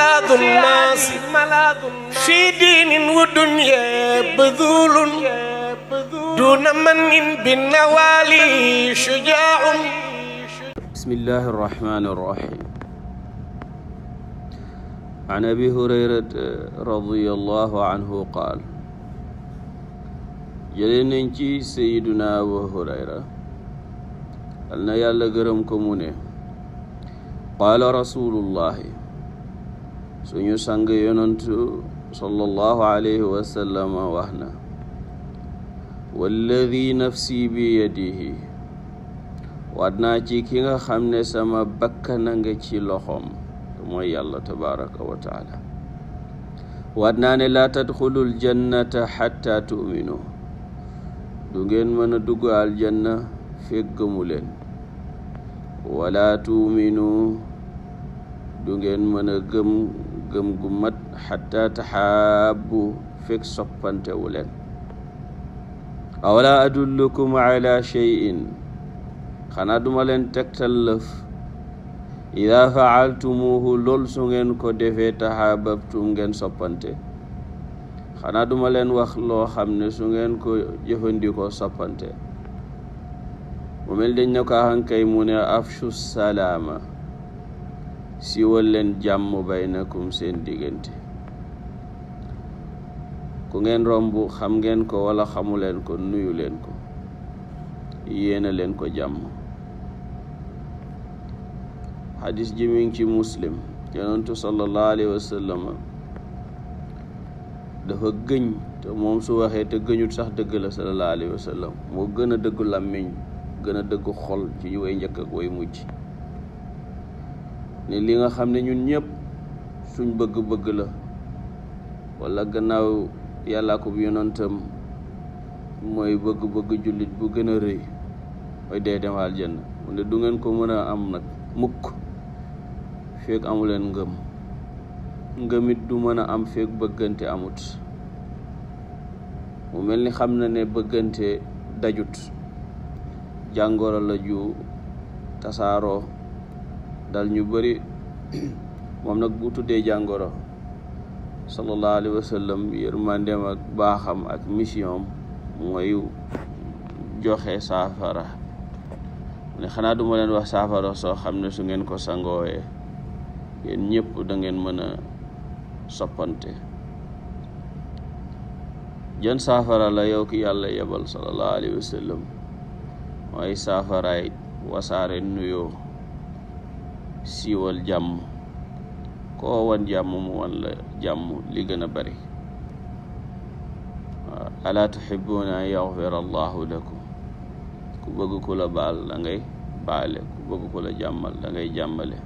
ملاذ الناس في دين ودنيا بذول دون من بالنوالي شجاع بسم الله الرحمن الرحيم عن ابي هريره رضي الله عنه قال jëlee nañ ci sayiduna abu hurayra al na yàlla gërëm ko mu ne qaala rasulullahi suñu sang yonantu sallallahu alayhi wa sallam wax na walladi nafsi bi yadihi waat naa ci ki nga xam ne sama bakkan a nga ci loxoom te mooy yàlla tabaraka wa taala waat naa ne laa tadxulul jannata xatta tu'minu du ngeen mën a dugg aljanna fekk gëmu leen wala tu'minu du ngeen mën a gëm gëm gu mat xatta taxaabu fekk soppantewu leen awala adullukum ala cheyin xanaa duma leen tegtal lëf ida faaltumuhu lool su ngeen ko defee taxaababtum ngeen soppante xanaa duma leen wax loo xam ne su ngeen ko jëfandikoo soppante mu mel dañ ne ko ahankay mu ne afshu salaama siiwal leen jàmm baynakum seen diggante ku ngeen romb xam ngeen ko walla xamu leen ko nuyu leen ko yéena leen ko jàmm xadis ji ngi ci muslim yonentu sallallahu alayhi dafa gëñ te moom su waxee te gëñut sax dëgg la sallallahu alayhi moo gën a dëggu làmmiñ gën a dëggu xol ci way njëkk ak way mujj ne li nga xam ne ñun ñëpp suñ bëgg-bëgg la wala gannaaw yàllaa ko bu yonantam mooy bëgg-bëgg jullit bu gën a rëy mooy dee dem aljanna mu ne du ngeen ko mën a am nag mukk feeg amuleen ngëm ngëmit du mën a am feeg bëggante amut mu mel ni xam na ne bëggante dajut jàngoro la ju tasaaroo dal ñu bari moom nag bu tuddee jàngoro sallallahu alayhi wa sallam yërmandeem ak baaxam ak mission mooy joxe saafara ne xanaa du leen wax saafara soo xam ne su ngeen ko sangoowee yéen ñëpp da ngeen mën a soppante jën saafara la yow ki yàlla yebal sallallahu alayhi wa mooy saafaraay wasaare nuyoo siiwal jàmm koo wan jàmm mu wan la jàmm li gën a bari waaw alaa tuhibuuna an yaxfira allahu lakum ku bëgg ku la baal da baale ku bëgg ku la jàmmal dangay ngay jàmmale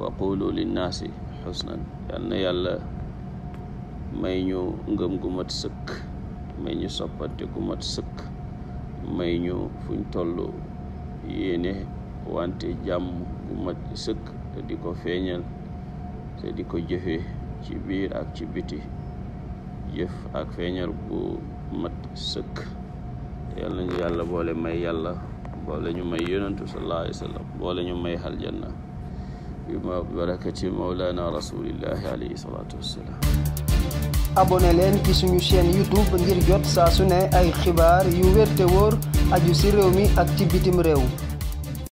wa qulu linnaasi xusnan yal yàlla may ñu ngëm gu mat sëkk may ñu soppante gu mat sëkk may ñu fuñ toll yéene wante jàmm bu mat sëkk te di ko feeñal te di ko jëfe ci biir ak ci biti jëf ak feeñal bu mat sëkk te yàlla yàlla boole may yàlla boole ñu may yonentu sallallahu alayhi wa sallam boole ñu may aljanna bi ma barakati mawlana rasulillahi alayhi salatu wassalam abonné leen ci suñu chaîne youtube ngir jot saa su ne ay xibaar yu wér te wóor aju si réew mi ak ci bitim réew